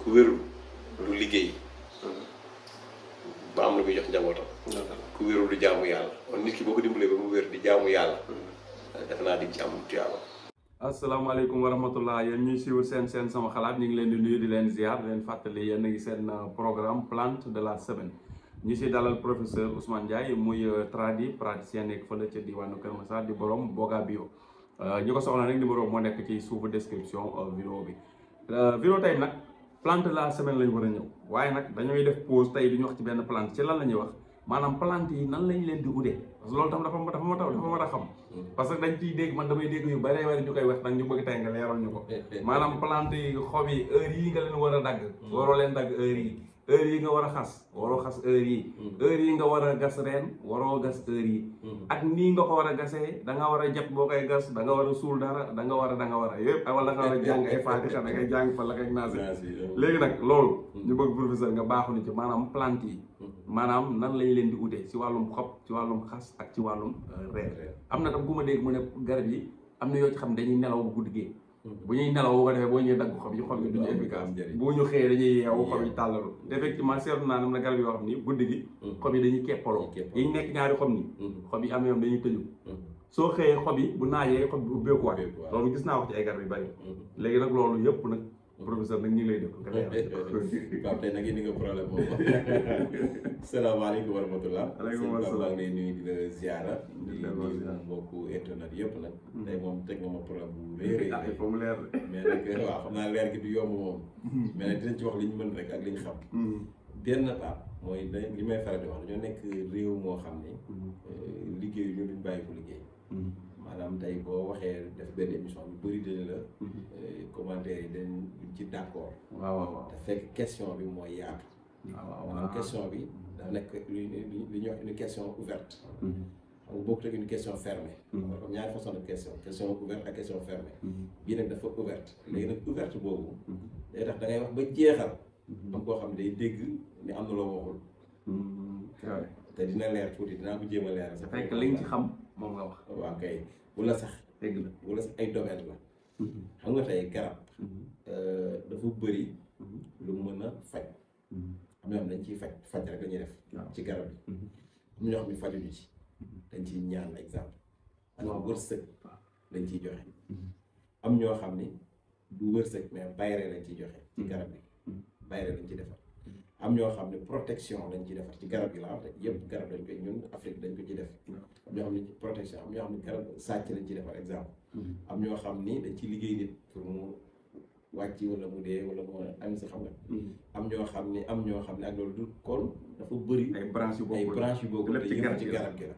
ku wéru du liggéey ba am lu muy jox njabootam ku wéru du jaamu yàlla kon nit ki boo ko dimbalee ba mu wér di jaamu yàlla defe naa di ci am tuyaaba asalaamaaleykum wa rahmatullah yéen ñuy suivre seen seen sama xalaat ñu ngi leen di nuyu di leen ziar di leen fàttali yéen a ngi seen euh, programme plante de la semaine ñu si dalal professeur Ousmane Ndiaye muy euh, tradi praticien nekk fële ca diwaanu Kër Massar di borom Boga Bio euh, ñu ko soxla rek numéro moo nekk ci suufu description vidéo bi vidéo tey nag plante la semaine lañ wara ñew waye nak dañuy def pause tay duñ wax ci benn plante ci lan lañuy wax manam plante yi nan lañ leen di udee parce que loolu tam dafa dafa ma dafa war a xam parce que dañ ci dégg man damay dégg yu bari bari ñukay wax nak ñu bëgg tay nga leeral ñuko eh, eh. manam plante yi xobi heure yi nga leen wara dag hmm. waro leen dag heure yi heure yi nga war a xas waroo xas heure yi mm-hmm. heure yi nga war a gas reen waroo gas heure yi mm-hmm. ak nii nga ko war a gasee da nga war a jàpp boo koy gas da nga war a suul dara da nga war a da war a yëpp ay wala nga war a jàng ay faatixa da ngay jàng fa la ak naasi léegi nag loolu mm-hmm. ñu bëgg professeur nga baaxu ci maanaam plante yi maanaam nan lañ leen di utee ci wàllum xob ci wàllum xas ak ci wàllum uh, reen am na tam ku ma dégg mu ne garab yi am na yoo ci xam dañuy nelaw bu guddi Mm-hmm. bu ñuy nelaw bu ko defee boo ñëwee dagg xob yi xob yi duñu efficace boo ñu xëyee dañuy yeewu xob yi tàllalu mm-hmm. effectivement seetlu naa am na garab yoo xam ni guddi gi mm-hmm. xob yi dañuy keppaloo yi nekk ñaari xob ni xob yi am yoon dañuy tëju soo xëyee xob yi bu naajee xob bi ubbeekuwaat loolu gis naa wax ci ay garab yu bari léegi nag loolu yëpp nag professeur nag ñu ngi lay déglu nga lay am. tey nag indi nga problème moom salaamaaleykum wa rahmatulah. waaleykum wa rahmatulah lay nuyu di la ziara. di la nuyu mbokku yëpp nag. Mhm. tey moom teg nga ah, mais nag waaw xam naa leer gi du yomb moom. Mhm. mais nag ci wax li ñu mën rek ak li ñu mhm. mooy li may faral nekk réew moo xam ne. Euh, liggéey ñu duñ bàyyi ko liggéey. maanaam tey boo waxee def benn émission bi bëri dina la. Mhm. Eh, commentaire yi dañ ci d' accord. waaw waaw te fekk question bi mooy yaatu. waaw waaw question bi dafa nekk li ñuy wax une question ouverte. Mhm. xam nga bokkul ak une question fermée. comme mhm. ñaari façon de question question ouverte ak question fermée. bii nag dafa ouverte léegi nag ouverte boobu. day tax da ngay wax ba jeexal. am koo xam ne day dégg ni am na loo waxul. te dina leer tuuti dinaa ko jéem a leeral. fekk li nga ci xam moom nga wax. waaw kay. wala sax dégg la wala sax ay domaine la mhm. xam nga tey garab mhm. euh, dafa bëri mhm. lu mën a faj am na xam dañ ciy faj faj rek la def ci garab bi am na ñoo xam ne fajuñu ci dañ ciy ñaan exemple am na wërsëg lañ ci joxe am ñoo xam ni du wërsëg mais bayre lañ ciy joxe ci garab bi bayre lañ ci defar am ñoo xam ne protection lañ ci defar ci garab yi la am rek yëpp garab lañ koy ñun Afrique dañ ko ci def am ñoo xam ne protection am ñoo xam ne garab sàcc lañ ciy defar mm-hmm. am ñoo xam ni dañ ci liggéey pour mu wàcc wala mu dee wala mu am si xam nga mm-hmm. am ñoo xam ne am ñoo xam ne ak loolu du kon dafa bëri ay branche yu bokkul te yëpp ci garab gi la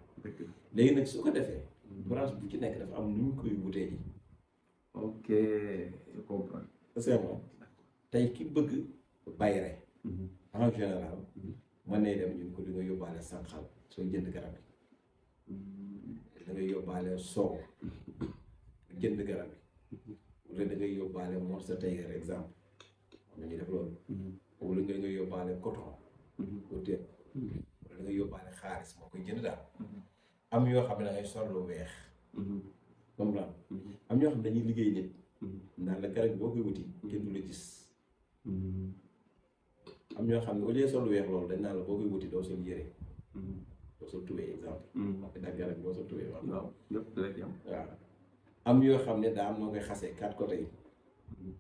léegi nag su defee mm-hmm. branche bu ci nekk dafa am lu ñu koy wutee ji ok je comprends c'est tey ki bëgg bayre en général mën nay dem ñun ko di yóbbaale sànqal soo jënd garab yi da yóbbaale soow jënd garab yi wala da ngay yóbbaale morceau Tiger exemple am na ñu def loolu wala nga nga yóbbaale coton côté wala da ngay yóbbaale xaalis moo koy jënd daal am yoo xam ne da ngay lu weex comme lan am ñoo xam ne dañuy liggéey nit naan la garab boo koy wuti kenn du la am ñoo xam ne au sol weex loolu dañ naan la boo koy wuti doo sol yére mm-hmm. doo sol tubee exemple wax dëgg yàlla doo sol tubee wax waaw am yoo xam ne daa am noo koy xase quatre côté yi mm-hmm.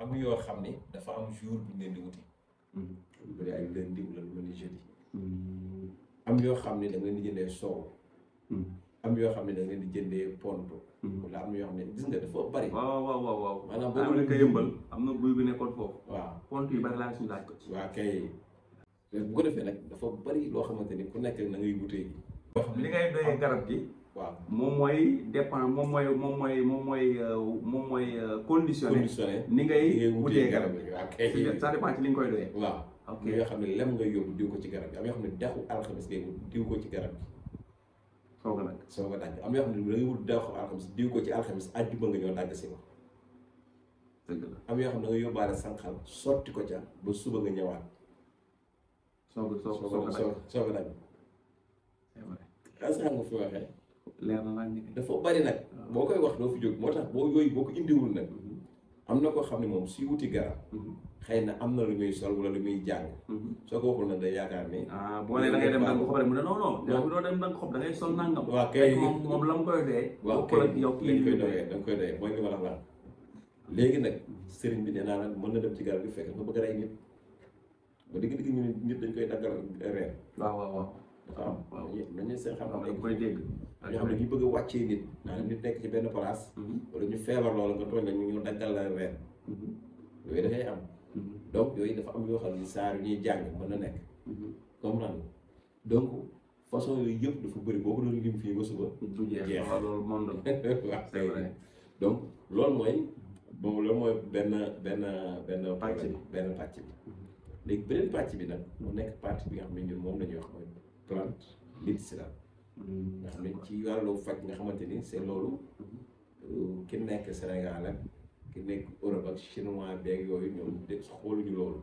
am yoo xam ne dafa am jour bu ñu leen di wuti mm-hmm. am yoo xam ne da nga leen di jëndee soow am yoo xam ne da nga leen di jëndee ponto wala hmm. am na yoo xam ne gis nga dafa bari. waaw waaw waaw waaw. maanaam boobu am na ko yëmbal am na guy bi nekkoon foofu. waaw pont yu bari laa suñu laaj ko ci. waaw kay bu ko defee nag dafa bari loo xamante ni ku nekk na ngay wutee. li ngay doyee garab gi. waaw moom mooy dépend moom mooy moom mooy moom mooy euh, moom mooy euh, conditionné. conditionné ni ngay wutee garab gi waaw kay ça dépend ci li nga koy doyee. waaw ok yoo xam ne lem nga yóbbu diw ko ci garab gi am yoo xam ne dexu alxames ngay diw ko ci garab gi. soo ko dagg soo ko dagg am yoo xam ne da ngay wut daw xam alxames diw ko ci alxames àjjuma nga ñëw dagg si ma am yoo xam ne da nga yóbbaale sànqal sotti ko ca ba suba nga ñëwaat soo ko soo ko soo ko dagg as xam nga fi dafa bari nag ah. boo koy wax doo fi jóg moo tax boo yooyu boo ko indiwul nag am na koo xam ne moom si wuti garab mhm. xëy na am na lu muy sol wala lu muy jàng mhm. soo ko waxul nag day yaakaar ni ah boo nee da ngay dem da nga xob rek mu sol nangam waaw la mu koy doyee yow kii da koy doyee mooy li ma la léegi nag sëriñ bi nee naa la mën na dem ci garab gi fekk nga bëgg rey nit ba digg-digg ñu nit dañ koy daggal reer waaw waaw waaw dafa am waaw dañuy seen xam-xam dañ koy dégg ñoo xam ne ñu bëgg a wàccee nit ñu nit nekk ci benn place mm-hmm. wala ñu feebar loolu nga tooñ la ñu ñu daggal la weer mm-hmm. yooyu dafay am mm-hmm. donc yooyu dafa am yoo xam ne saar yu ñuy jàng mën na nekk comprendre donc façon yooyu yëpp dafa bëri boo fii ba suba du jeex loolu moom la donc loolu mooy boobu benn benn benn pàcc bi benn pàcc bi léegi bi nag mu nekk partie bi nga xam ne ñun moom la ñuy wax mooy plante l'islam nga xam ne ci wàllu faj nga xamante ni seen loolu euh, ki nekk Sénégal ki nekk Europe ak chinois beeg yooyu ñoom de xooluñu loolu.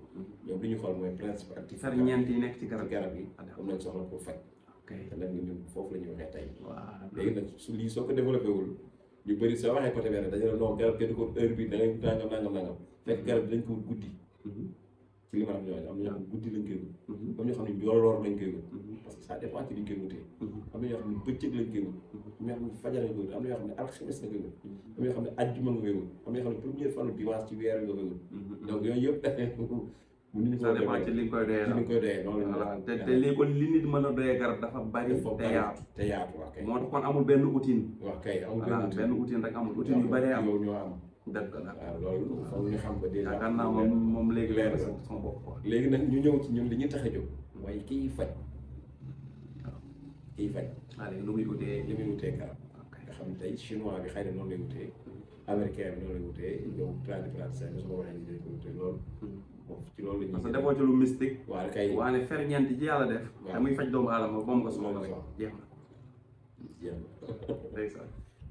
ñoom li ñu xool mooy principe actif. sar ñeent yi nekk ci garab yi garab yi am ah, nañ soxla pour faj. ok te nag ñun foofu la ñu tey. waaw léegi nag su lii soo ko développé wul ñu bëri soo waxee côté benn dañu ne non garab kenn du ko heure bi da ngay nangam nangam nangam fekk garab bi dañ ko wut guddi. Mhm. ci li ma am ñooñu am na ñoo xam ne guddi lañ koy mhm. am ñoo xam ne njolloor lañ koy wut. Mhm. parce que ça dépend ci liñ koy mhm. am na ñoo xam ne ajjuma nga koy wut am na ñoo xam ne première fan dimanche ci weer nga koy wut. donc yooyu yëpp mu nit ñi la te a doyee garab dafa bari te yaatu te yaatu waaw kay moo tax kon amul benn outil waaw kay amul benn outil rek amul outil yu bari am dëgg la waaw loolu foog xam ko dèjà. moom moom sama bopp léegi nag ñu ñëw ci ñun li ñu tax a jóg. Hmm. waaye kii lu muy wutee li muy xam bi xëy na noonu lay wutee. Hmm. américain bi noonu hmm. ci loolu parce que defoo ci lu mystique. waaw kay waaye ferñeent ji yàlla def. waaw te nga soxla.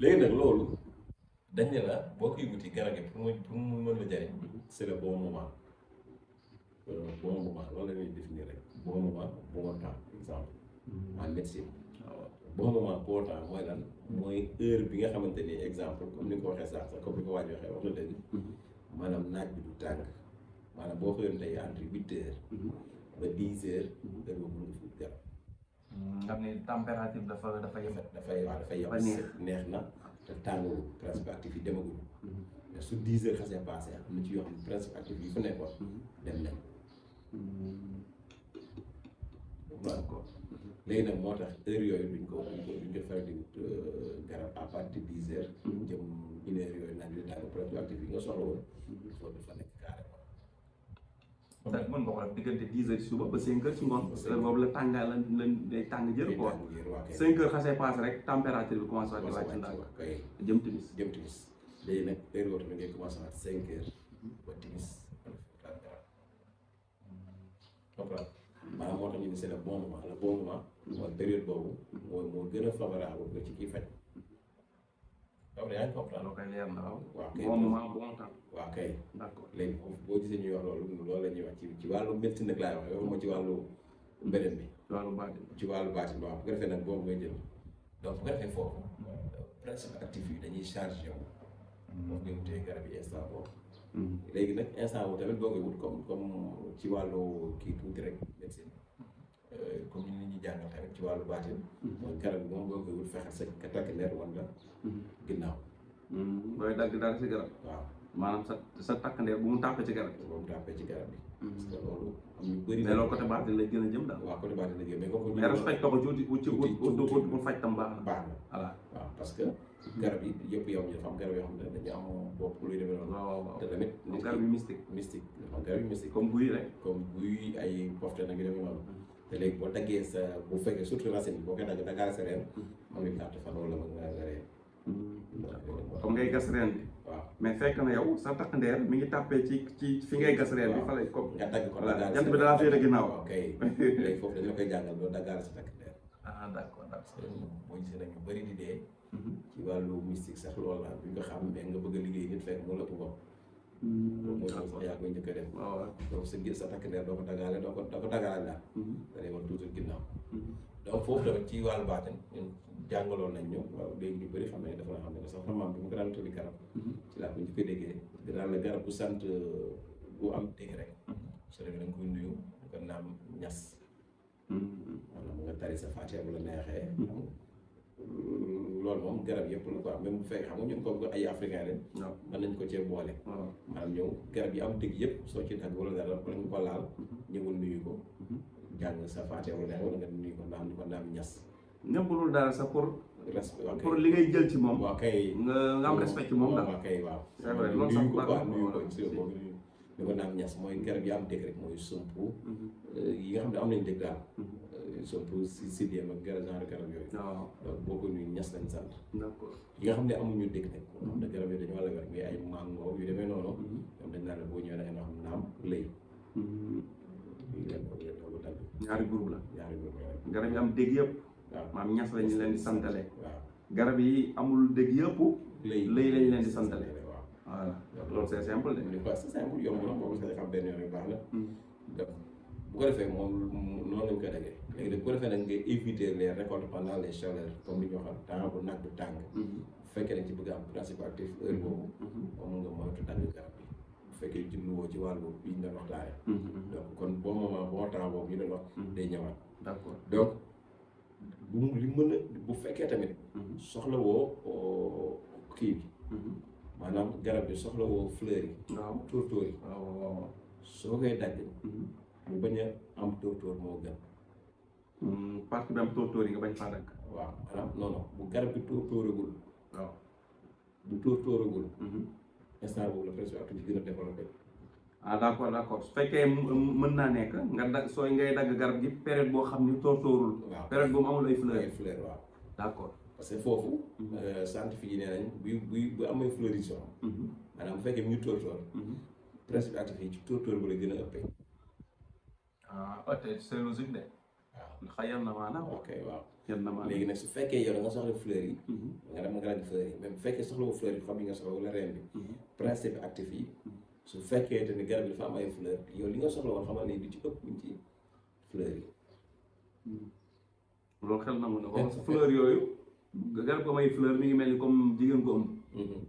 nag loolu. dañ ne la boo koy wuti garab gi pour mu pour mu mën la jariñ mhm. c'est le bon moment euh, bon moment loolu la ñuy définir rek bon moment bon temps exemple mhm. en médecine ah, mooy lan bi nga xamante ni exemple comme ni nga ko waxee sax sax comme ni ko waaj waxee mhm. maanaam naaj bi du tàng maanaam boo xëyoon tey entre huit heures ba dix heures heure boobu nga mm, ne température dafa dafa yem neex na te tàngooru principe actif yi demagul mm-hmm. su dix heures xasee passé am na ci yoo xam ne principe actif yi fa nekkoon mm-hmm. dem nañ waaw mm-hmm. ko léegi nag moo tax heure yooyu duñ ko duñ ko duñ ko faral di euh, garab à partir de dix heures jëm une heure yooyu nag di tàng principe actif yi nga soxla woon il faut nekk ndax mën nga diggante dix heures suba ba cinq heures ci ngoon heure boobu la tàngaay la lañ day tàng jër quoi cinq heures xasee passé rek température bi commencé waat di wàcc ndax jëm timis jëm timis léegi nag heure boobu tamit ngay commencé waat cinq heures ba timis maanaam moo tax ñu ne c'est le bon moment le bon mm-hmm. période boobu moo gën a favorable ba ci kii faj loolu yaa ngi comprendre na waaw kay bon kay boo gisee ñuy wax loolu loolu la ñuy wax ci ci wàllu médecine nag laay wax yow ci wàllu beneen bi ci wàllu baatin ci wàllu baatin waaw bu ko defee nag boobu ngay jël donc bu defee foofu principe actif yi dañuy chargé wu hmm. moom ngay wutee garab yi instant boobu hmm. léegi nag instant boobu tamit boo wut comme comme ci wàllu kii tuuti rek médecine comme ni ñu jàngal tamit ci wàllu baatin mooy garab bi moom boo koy wut fexeel ginnaaw booy dagg dara si waaw maanaam sa sa takk ndeer bu mu tàppee ci garab bi bu ci garab bi parce que loolu am la gën a jëm daal waaw côté baatin la jëm mais tam baax na que garab yi yëpp yow ñu dafa am yoo xam ne dañu am bopp luy demee noonu waaw waaw te tamit garab yi mystique mystique comme buy rek comme buy ay pofte nag yu demee noonu te léegi boo buffet ke bu fekkee surtout racine bi boo koy dagg daggaa sa reen am na ñaata fan wala mën ngaa sa reen comme ngay gas reen bi waaw mais fekk na yow sa takk ndeer mi ngi tàppee ci ci fi ngay gas reen bi fa lay ko nga dagg ko voilà jant bi dalaa ah d' accord d' accord boo gisee nag di deh. Hmm. ci lu mistik sax loolu la bu ñu ko xam mais nga bëgg moom mooy sax yaa koy njëkk a def. Ah, sa gis sa takk der doo ko dagaale doo ko doo ko dagaale daal. Hmm. da lay wan toujours ginnaaw. Hmm. donc foofu tamit ci wàllu baatin ñun jàngaloon nañ ñu waaw léegi ñu bëri xam ne dafa nga xam ne sax maam bi mu ko daan tuddi garab. Hmm. ci laa ko njëkk déggee daan la garab bu sant euh, bu am dégg rek. su demee da nga koy nuyu nga naam ñas. maanaam nga tari sa faatiha bu la neexee. Mm, loolu moom garab yëpp la quoi même bu fekkee xam nga ñun comme ay africain leen. mën nañ ko cee boole. maanaam ñëw garab yi am dëgg yëpp soo ci dagg wala dara wala nga ko laal mhm. ñëwul nuyu ko mhm. jàng sa faate wala dara wala nga nuyu ko ndax am ko ndax am ñas. ñëpp loolu daal sax pour. pour li ngay jël ci moom. waaw kay nga am respect ci moom daal. waaw kay waaw. c'est vrai loolu sax baax na nuyu ko quoi nuyu ko ñu ko naam ñas mooy garab yi am dëgg rek mooy sumpu. Mhm. Euh, yi nga xam ne am nañ dëgg daal. ils sont plus CDM ak garab genre garab yooyu. waaw ah. donc boo ñas lañ sant. d'accord nga xam ne amuñu dëkk nag. xam mm-hmm. ne garab yi dañoo la rek mais ay mango yu demee la mm-hmm. boo ñëwee da nga xam naam lay. Mm-hmm. ñaari groupe la. ñaari groupe garab yi am dégg yëpp. waaw maam ñas lañ leen di santale. garab yi amul dégg yëpp. lay lay lañ leen di santale. voilà loolu c'est simple de. c'est simple yomb na boo ko xam benn yoon baax na. bu ko defee moom noonu lañ koy dajee léegi nag bu ko defee nag ngay éviter les récoltes pendant les chaleurs comme li ñu waxoon temps bu naaj bu tàng. Mm-hmm. bu fekkee dañ ci bëgg am principe actif heure boobu. moom mm-hmm. nga moytu dagg garab bi bu fekkee jublu woo ci wàllu bi ñu doon waxtaanee. Mm-hmm. donc kon bon moment bon temps boobu ñu doon wax. day ñëwaat. d'accord donc bu li mën a bu fekkee tamit. soxla woo oh, kii bi. maanaam garab bi soxla woo fleur yi. waaw tóortóor yi. waaw waaw soo koy dagg. bañ a am tóortóor moo gën. Hmm, parce que bi am tóortóor yi nga bañ faa dagg. waaw maanaam non bu garab bi tóortóoragul. waaw bu tóortóoragul. Hmm. instant boobu la pression ak ci gën a développé. ah d' accord d' mën naa nekk nga dag sooy ngay dagg garab gi période boo xam ni tóortóorul. waaw période boobu parce que foofu. Hmm. Euh, scientifique yi nee amee floraison. maanaam bu fekkee ñu tóortóor. pression active ci tóortóor bu la gën a ëppee. ah tey c'est logique na maanaam. ok waaw yan léegi nag su fekkee yow da nga soxla fleur mhm. nga dem nga ràññ fleur yi bu fekkee soxla wu fleur yi xob yi nga soxla wala reen bi. Mhm. principe actif yi. Mhm. su fekkee te ni garab yi dafa am ay fleur yow li nga soxla woon xamal ne ci ëpp ñu ci fleur yi. loolu xel na mu eh, yooyu. garab ko may fleur mi ngi mel ni comme jigéen ko ëmb.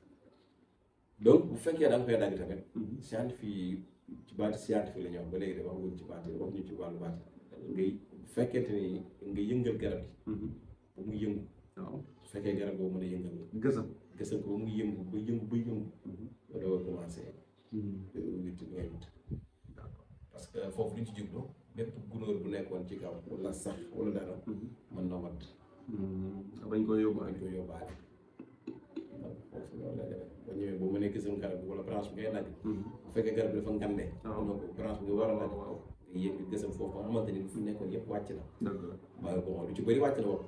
donc bu fekkee da nga koy dagg tamit mhm. scientifique yi ci baati scientifique la ñu wax ba léegi de wax wuñ ci wax ñu ci wàllu baati ngay bu fekkente ni nga yëngal garab gi mhm. ba mu yëngu su fekkee garab boobu mën a yëngal gësam gësam ko ba yëngu ba yëngu ba yëngu mhm. ba doog a commencé parce que foofu duñ ci jublu bépp gunóor bu nekkoon ci kaw wala sax wala dara mën na wat bañ ko yóbbaale bañ ko yóbbaale foofu loolu la def boo ñëwee gis garab bi wala branche bi ngay dagg bu mm-hmm. fekkee garab bi dafa ngande ah. branche bi nga war a ne yéeg bi gësam foofu nga xamante ni fu nekkoon yëpp wàcc na waaye bon lu ci bëri wàcc na woon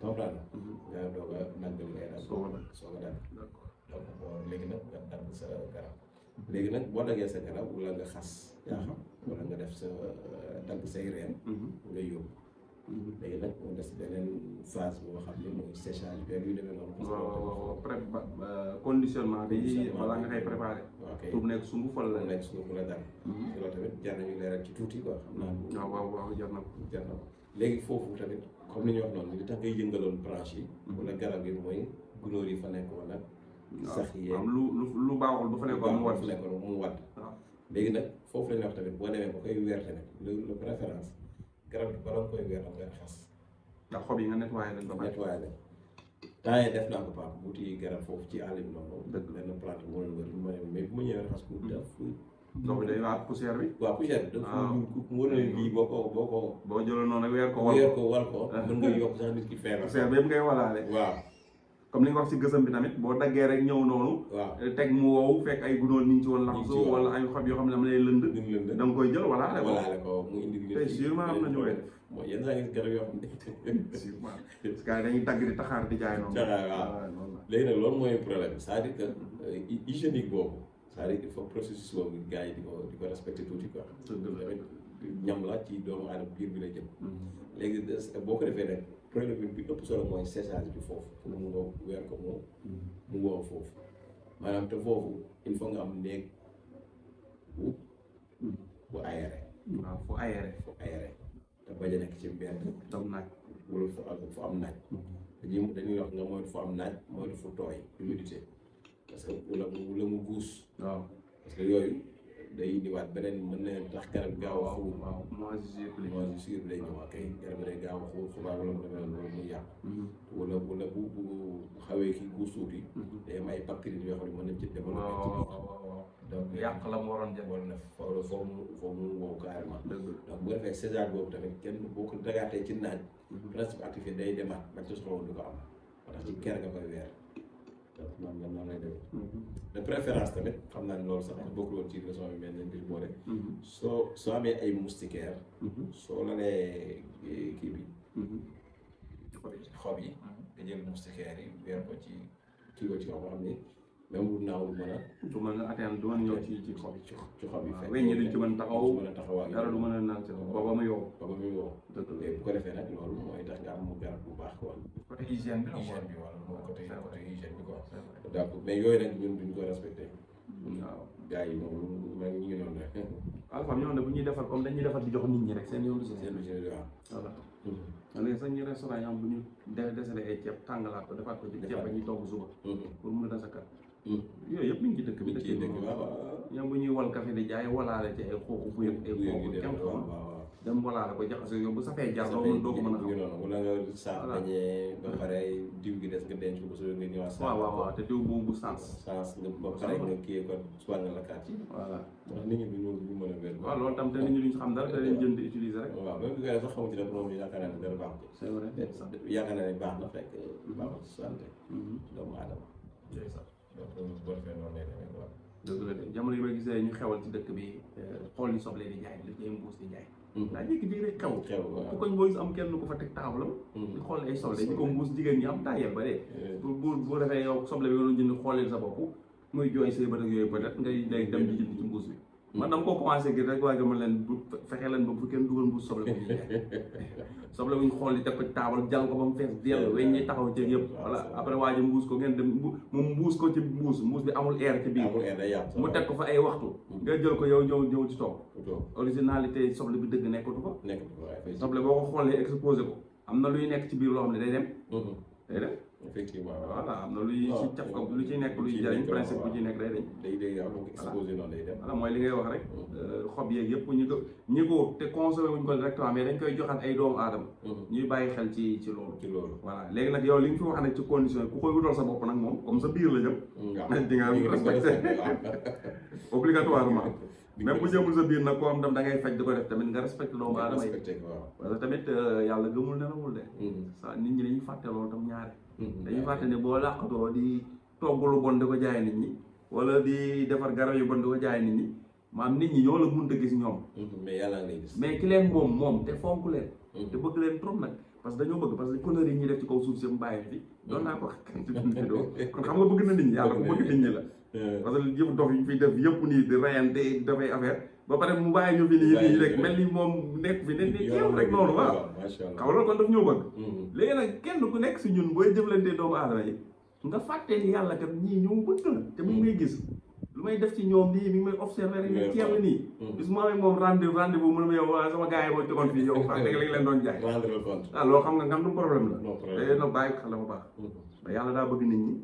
comprendre mm-hmm. nga doog a nag bi ngay dagg soo nga dagg donc léegi nag nga dagg sa garab léegi nag boo daggee sa garab wala nga xas yaa xam wala nga def sa dagg say reen mm-hmm. nga yóbbu léegi nag mu des beneen phase boo xam ne mooy séchage bi ak yu demee noonu. waaw pré conditionnement bi balaa nekk sunguf wala la nekk sunguf la dara. Mhm. loolu tamit ci tuuti quoi xam waaw ah, waaw waaw jar na ko jar na ko léegi foofu tamit comme ni ñu wax noonu li tax ngay yëngaloon branche yi. Mhm. wala garab yi mooy gunóor yi fa nekk wala. Ah, sax yi am lu lu lu baaxul ba fa ah. léegi nag foofu la ñuy tamit boo demee ba koy weer tamit loolu la préférence. garab gi bala nga koy weer am benn xas. ndax xob yi nga nettoyé leen ba pare. nettoyé def naa ko paam wuti garab foofu ci àll bi noonu. dëgg la benn plante bu wërëm wërëm ma ne mais bu ma def. ndox day waa poussière bi. bi dafa ah. mën a lii boo ko boo ko. boo jëloon noonu weer ko ko weer ko wal ko. Ah. mën sax nit ki feebar. bi yëpp ngay walaale. waaw. comme li nga wax ci gësam bi tamit bo daggee rek ñëw nonu eh, tek mu woow fekk ay gunoon niñ ci won woon laxasu wala ay xob yo xamne dama lay lënd da nga koy jël wala rek wala rek mu indi te sûrement am nañu wet mo yeen saa gis garab yo xamne sûrement parce que dañuy dagg di taxar di jaay non taxaar waaw léegi nag loolu mooy problème ça dit que euh, hygiénique boobu ça dit il faut processus boobu gars yi di ko di ko respecter tout quoi ñam la ci doomu adam biir bi la jëm mm-hmm. légui boko ko rek problème bi ëpp solo mooy séchage bi foofu pour mu wow weer ko moom mu foofu maanaam te foofu il faut nga am néeg bu bu aéré waaw fu aéré fu aéré te bañ a nekk ci mbedd tam naaj fu am fu am naaj dañuy wax nga moytu fu am naaj moytu fu tooy humidité parce que mu guus waaw parce yooyu day indiwaat beneen mën na tax garab gaaw a xawul. waaw moisissure bi day ñëwaat kay garab day gaaw a xawul subaa mm-hmm. wala mu demee bu bu xawee kii bu mm-hmm. ay bactéries yoo xam ne mën nañ ci développé. waaw waaw donc euh, la mu waroon def. wala foofu foofu mu foofu mu wow carrément. dëgg donc bu defee séchage boobu tamit kenn mm-hmm. day demaat ba ci soxla du moo tax ci ker nga koy weer. donc noonu la noonu mm-hmm. de préférence tamit xam naa ne loolu sax bokkul woon ci leçon bi mais nañ ko mm-hmm. soo soo amee ay moustiquaires. Mm-hmm. soo lalee eh, kii bi. xob yi. nga jël yi weer ko ci kii ko ci nga xam ni. même bu naawul mën a. du mën a atteindre du mën a ñëw ci ci xob ci xob yi. fekk weñ ñi duñ ci mën taxaw mën a taxawaay dara du mën a naan sa bopp ba mu yow. ba mu yow dëgg bu ko defee nag loolu mooy tax nga am mu garab bu baax quoi. côté hygiène bi la hygiène bi wala moom côté côté hygiène bi quoi. donc mais yooyu nag ñun duñ ko respecté. waaw gars yi moom man ñu ngi noonu rek. waaw xam ñoo ne bu ñuy defar comme dañuy defar di jox nit ñi rek seen yoon du si seen yoon voilà. léegi sax ñu restaurant yi am bu ñu desalee ay ceeb tàngalaat ko defaat ko ci ceeb ba ñuy togg suba. pour yooyu yëpp mi ngi ci dëkk bi. ci dëkk bi waaw ñoom bu ñuy wal café di jaay walaale ci ay xooxu bu yëg ay xooxu kenn xool dem walaale ko jaxase yow bu safee jar loolu doo ko mën a xam wala nga saaf dañee ba pare diw gi des nga denc ko ba soo nga ñëwaat waaw waaw waaw te diw boobu bu sens sens nga ba pare nga kii ko soit nga lakkaat ci voilà ndax nit ñi duñu duñu mën a wér waaw loolu tam te nit ñi duñu xam dara da leen jënd utiliser rek waaw même bi koy sax xamu ci def moom yaakaar naa ne dara baax c'est vrai yaakaar naa ne baax na fekk baaxul santé mm-hmm. doomu aadama donc la jamono yi ma gisee ñu xewal ci dëkk bi eh, xool yi soble di jaay li koy mbuus di jaay. Mm-hmm. daa jékki di rek xew. xew waaw ku koñ booy am kenn ko fa teg taabalam. Mm-hmm. di xool ay soble ñu ko mbuus jigéen ñi am taayal ba de. bu bu bu defee yow soble bi nga doon jënd xooleel sa bopp muy jooy say bët ak yooyu peut-être ngay dem di ci mbuus bi. man dama ko commencé gis rek waaye dama leen bu fexe leen ba bu kenn dugal bu soble bu soble bu ñu xool li teg ko taabal jàng ko ba mu fees dell weñ ñi taxaw ci yëpp voilà après waa ji mbuus ko ngeen dem mu mbuus ko ci mbuus mbuus bi amul air ci biir mu teg ko fa ay waxtu nga jël ko yow jëw ñëw ci toog originalité soble bi dëgg nekkatu ko soble boo ko xoolee exposé ko am na luy nekk ci biir loo xam ne day dem mhm. day dem effectivement voilà am na luy ci caf ko lu ci nekk luy jëriñ principe bu ci nekk day dañ day day am exposé noonu day dem voilà mooy li ngay wax rek mhm. euh, xob yeeg yëpp ñu ko ñi ko te consommé wuñ ko directement mais dañ koy joxaat ay doomu aadama mhm. ñuy bàyyi xel ci ci loolu ci loolu voilà léegi nag yow li nga fi wax nag ci condition ku koy wutal sa bopp nag moom comme sa biir la jëm mm, di nga respecté obligatoirement même bu jëmul sa biir nag koo am tam da ngay faj di ko def tamit nga respecté doomu aadama yi parce que tamit euh, yàlla gëmul nelawul de sa mhm. nit ñi dañuy fàtte loolu tam ñaare dañu fàtte ne boo làqatoo di togg lu bon di jaay nit ñi wala di défar garaw yu bon di jaay nit ñi maam nit ñi ñoo la mënut a gis ñom mais yalla ngay gis. mais ki leen mom mom té fonku leen. té bëgg leen trop nak parce dañu bëgg parce que couleur yi ñuy def ci kaw suuf ci mbaay fi. doon na ko xàq kon xam nga bëgg na nit ñi yalla ko bëgg nit ñi la. parce que yëpp dox yi fi def yëpp ni di rayante dafay affaire. ba pare mu bàyyi ñu fi nii rek mel ni moom nekk fi nekk yow rek noonu waaw xam nga loolu kon daf mm-hmm. léegi nag kenn ku nekk si ñun booy jëflante doomu aadama nga fàtte ni yàlla kat ñii ñoom bëgg la te mu ngi gis lu may def ci ñoom nii mm-hmm. mu amee moom rendez-vous rendez-vous mu ne ma yow waa sama gars yi ma joxoon fii yow doon jaay waaw ah, xam nga ngam du problème la te nag bàyyi ko xel la bu baax mm-hmm. yàlla daa bëgg nit ñi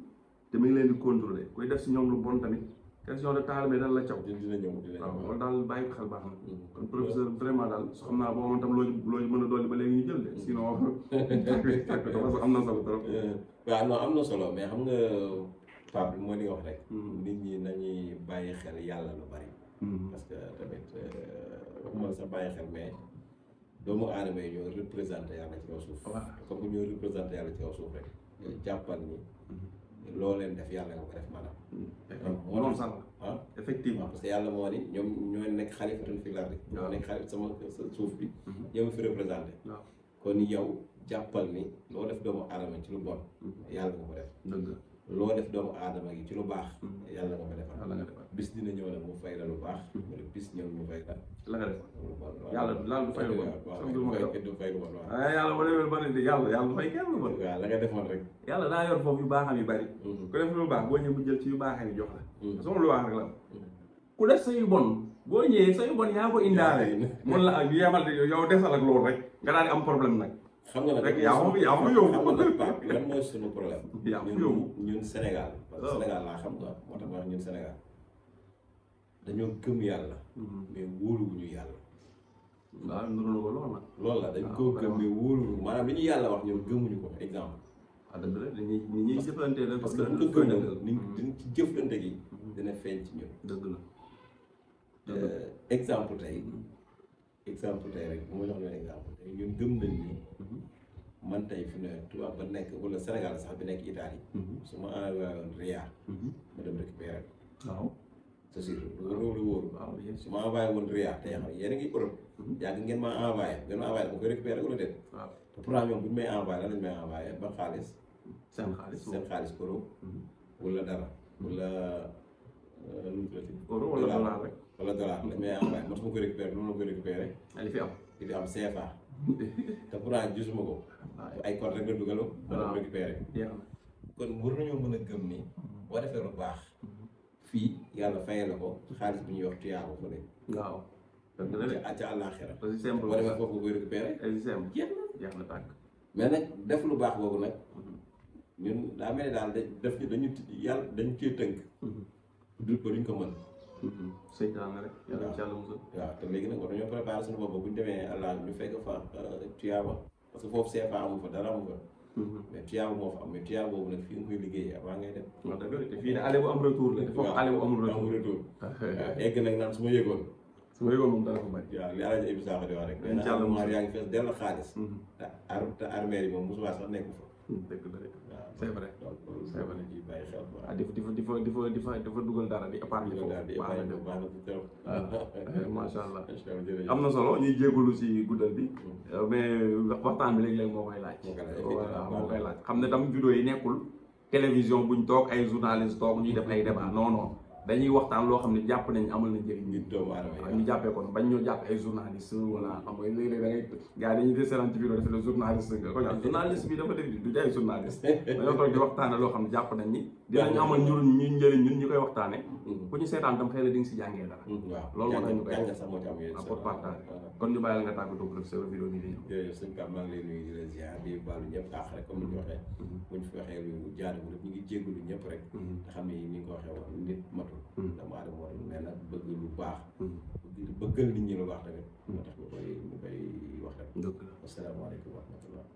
te mi leen di contrôler koy def si ñoom lu bon tamit question de taal bi daal la caw. dina ñëw dina ñëw waaw loolu daal bàyyi ko xel baax na. Mm. kon professeur vraiment daal su xam naa mm. boo moom tam loolu loolu mën a dolli ba léegi ñu jël de mm. sinon parce que am na solo trop. waaw am na solo mais xam nga Pape bi moo li nga wax rek. nit ñi nañuy bàyyi xel yàlla lu bari. parce que tamit euh, waxuma sa bàyyi xel mais doomu aadama yi ñoo représenté yàlla ci kaw suuf. comme ñoo représenté yàlla ci kaw suuf rek jàppal ni. lool leen def yàlla nga ko def maanaam. Hmm. loolu sax la ah, effectivement parce que yàlla moo ni ñoom ñoo nekk xalifatun fil ardi ñoo nekk xalif sama suuf bi. ñoo hmm. fi représenté. kon yow jàppal ni loo def doomu aadama ci lu bon. Hmm. yàlla nga ko def. loo def doomu aadama gi ci lu baax hmm. yàlla nga ko defal bis dina ñëw ne mu fay la lu baax hmm. wala bis ñëw mu fay la la nga def yàlla laal du fay lu bon du fay ah, lu bon waaw la nga defoon rek yàlla daa yor foofu yu baaxam yu bari hmm. ku def lu baax boo ñëw bu jël ci yu baaxam yi jox la sama lu baax rek la ku def sa yu bon boo sa yu bon yaa ko indaale mun la ak yemal yow desal ak loolu rek nga daal di am problème nag xam nga nag yaa ma yaa ma yóbbu xam nga suñu problème. yaa ma ñun Sénégal. Oh. Sénégal laa xam nga moo tax ma ñun Sénégal dañoo gëm yàlla. Mm-hmm. mais wóoluwuñu yàlla. waaw am na loolu la. la dañ ah, koo gëm mais wóoluwuñu maanaam li ñu yàlla wax ñoom gëmuñu ko exemple. ah dëgg la dañuy ñuy jëflante parce que bu ñu ko gëmee mm-hmm. ni ñu ci jëflante gi. Mm-hmm. dina feeñ ci ñun. dëgg la euh, exemple tey. exemple tey rek bu ma jox leen exemple tey ñun gëm nañ ni mhm. man tey fi ne tubaab ba nekk wala Sénégal sax bi nekk Italie mhm. mhm. su ma envoyé woon Riyal ma dem récupérer waaw c'est sûr loolu wóoru su ma envoyé woon Riyal xam yéen a ngi ngeen ma envoyé ngeen ma envoyé dama koy récupérer wala déet te pourtant ñoom bu ñu may xaalis seen xaalis seen xaalis euro wala dara wala euh, wala dollar dañ may envoyé mosuma ko récupéré nu ma ko récupéré. Ah, li fi am te pourtant gisuma ko. Ah, ay code rek la dugaloo. waaw récupéré. kon war nañoo mën a gëm ni. boo defee lu baax. fii yàlla fayee la ko xaalis bu ñuy wax tuyaabu ko de. waaw. dëgg la de ca àllaaxira. aussi simple boo demee foofu koy récupéré. na nag def lu baax boobu nag. Mhm. ñun daa mel ni daal dañ def dañu yàlla dañ cee tënk. Mhm. du ba duñ ko mën. sëñ bi na rek. yàlla na ci yàlla musal. waaw te léegi nag war nañoo préparer suñu bopp bu ñu demee àllaa ñu fekk fa euh, tuyaaba parce que foofu CFA amu fa dara amu fa. Mm-hmm. mais tuyaaba moo fa am mais tuyaaba boobu nag fii nga koy liggéeyee avant ngay dem. waaw dëgg la te fii ne aller bu am retour la. foofu aller bu amul retour amul retour. Ah, waaw ah, ah. egg nag naan su ma yëgoon. su ma yëgoon moom dara ko bëri. waaw li El Hadj Abdou Sakho di wax rek. incha allah yaa ngi fees dell xaalis. Mm-hmm. te armée yi moom mosuwaat sax nekku fa. Mm, dëgg la rek. c' est vrai c' euh, est vrai di bàyyi xel ah di fa di fa di fa di fa di fa dugal dara di épargne foofu baax na baax na trop ah, eh, macha allah am na solo ñuy jégalu si guddal bi mm. euh, mais euh, waxtaan bi léeg-léeg moo koy laaj voilà moo koy laaj xam ne tam judo yi nekkul télévision buñ toog ay journaliste toog ñuy def ay débat non non dañuy waxtaan loo xam ne jàpp nañ amal na njëriñ nit doomu aadama ñu jàppee kon xam ci biir def la journaliste nga ko ñaan journaliste bi dafa def du jaay journaliste dañoo toog di waxtaane ne jàpp nañ ni dinañ amal ñu ñu njëriñ ñun ñu koy waxtaane hmm. ku ñu seetaan tam xëy na si jàngee dara hmm, loolu moo tax koy pour kon ñu bàyyil nga tàggatoo professeur vidéo bi di ñëw sëñ Pape maa ngi lay nuyu di la ziar di baalu ñëpp rek comme ni hmm. ñu fi waxee lu jaadu ñu ngi jéggalu ñëpp rek Hmm. doomu aadama war mais nag bëgg lu baax hmm. bëggal nit ñi lu baax tamit hmm. moo tax ñu koy ñu koy wax rek asalaamaaleykum wa rahmatullah